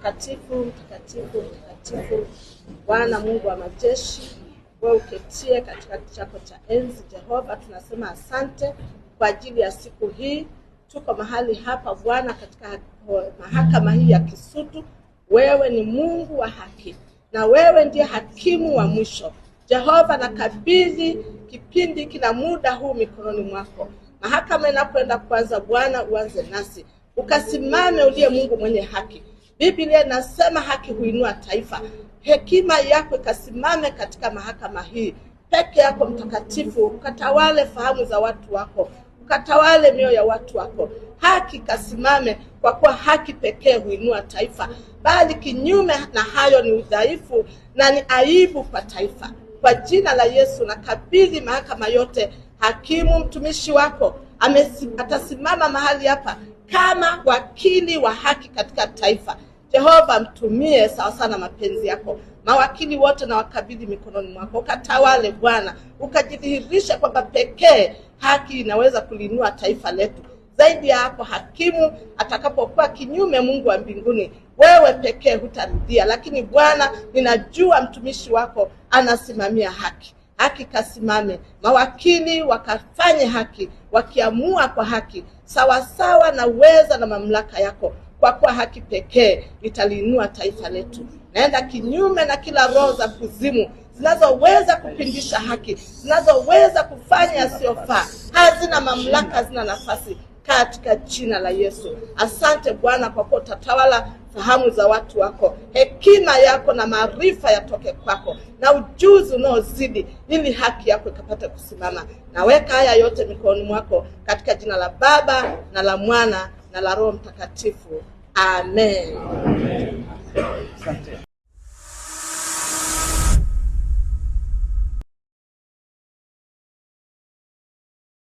Mtakatifu, mtakatifu, mtakatifu, Bwana Mungu wa majeshi, wewe uketie katika kiti chako cha enzi. Jehova, tunasema asante kwa ajili ya siku hii. Tuko mahali hapa Bwana, katika mahakama hii ya Kisutu. Wewe ni Mungu wa haki na wewe ndiye hakimu wa mwisho. Jehova, nakabidhi kipindi kina muda huu mikononi mwako. Mahakama inapoenda kuanza, Bwana uanze nasi, ukasimame uliye Mungu mwenye haki. Biblia inasema haki huinua taifa. Hekima yako ikasimame katika mahakama hii. Peke yako Mtakatifu, ukatawale fahamu za watu wako, ukatawale mioyo ya watu wako. Haki kasimame kwa kuwa haki pekee huinua taifa, bali kinyume na hayo ni udhaifu na ni aibu kwa taifa. Kwa jina la Yesu nakabidhi mahakama yote. Hakimu mtumishi wako atasimama mahali hapa kama wakili wa haki katika taifa. Jehova, mtumie sawa sana mapenzi yako. Mawakili wote na wakabidhi mikononi mwako, ukatawale Bwana, ukajidhihirisha kwamba pekee haki inaweza kulinua taifa letu. Zaidi ya hapo, hakimu atakapokuwa kinyume, Mungu wa mbinguni, wewe pekee hutaridhia, lakini Bwana, ninajua mtumishi wako anasimamia haki haki kasimame, mawakili wakafanye haki, wakiamua kwa haki, sawasawa na uweza na mamlaka yako kwa kuwa haki pekee litaliinua taifa letu. Naenda kinyume na kila roho za kuzimu zinazoweza kupindisha haki, zinazoweza kufanya asiyofaa Hazina mamlaka, hazina nafasi katika jina la Yesu. Asante Bwana kwa kuwa utatawala fahamu za watu wako, hekima yako na maarifa yatoke kwako, na ujuzi unaozidi, ili haki yako ikapata kusimama. Naweka haya yote mikononi mwako, katika jina la Baba na la Mwana na la Roho Mtakatifu. Amen, amen.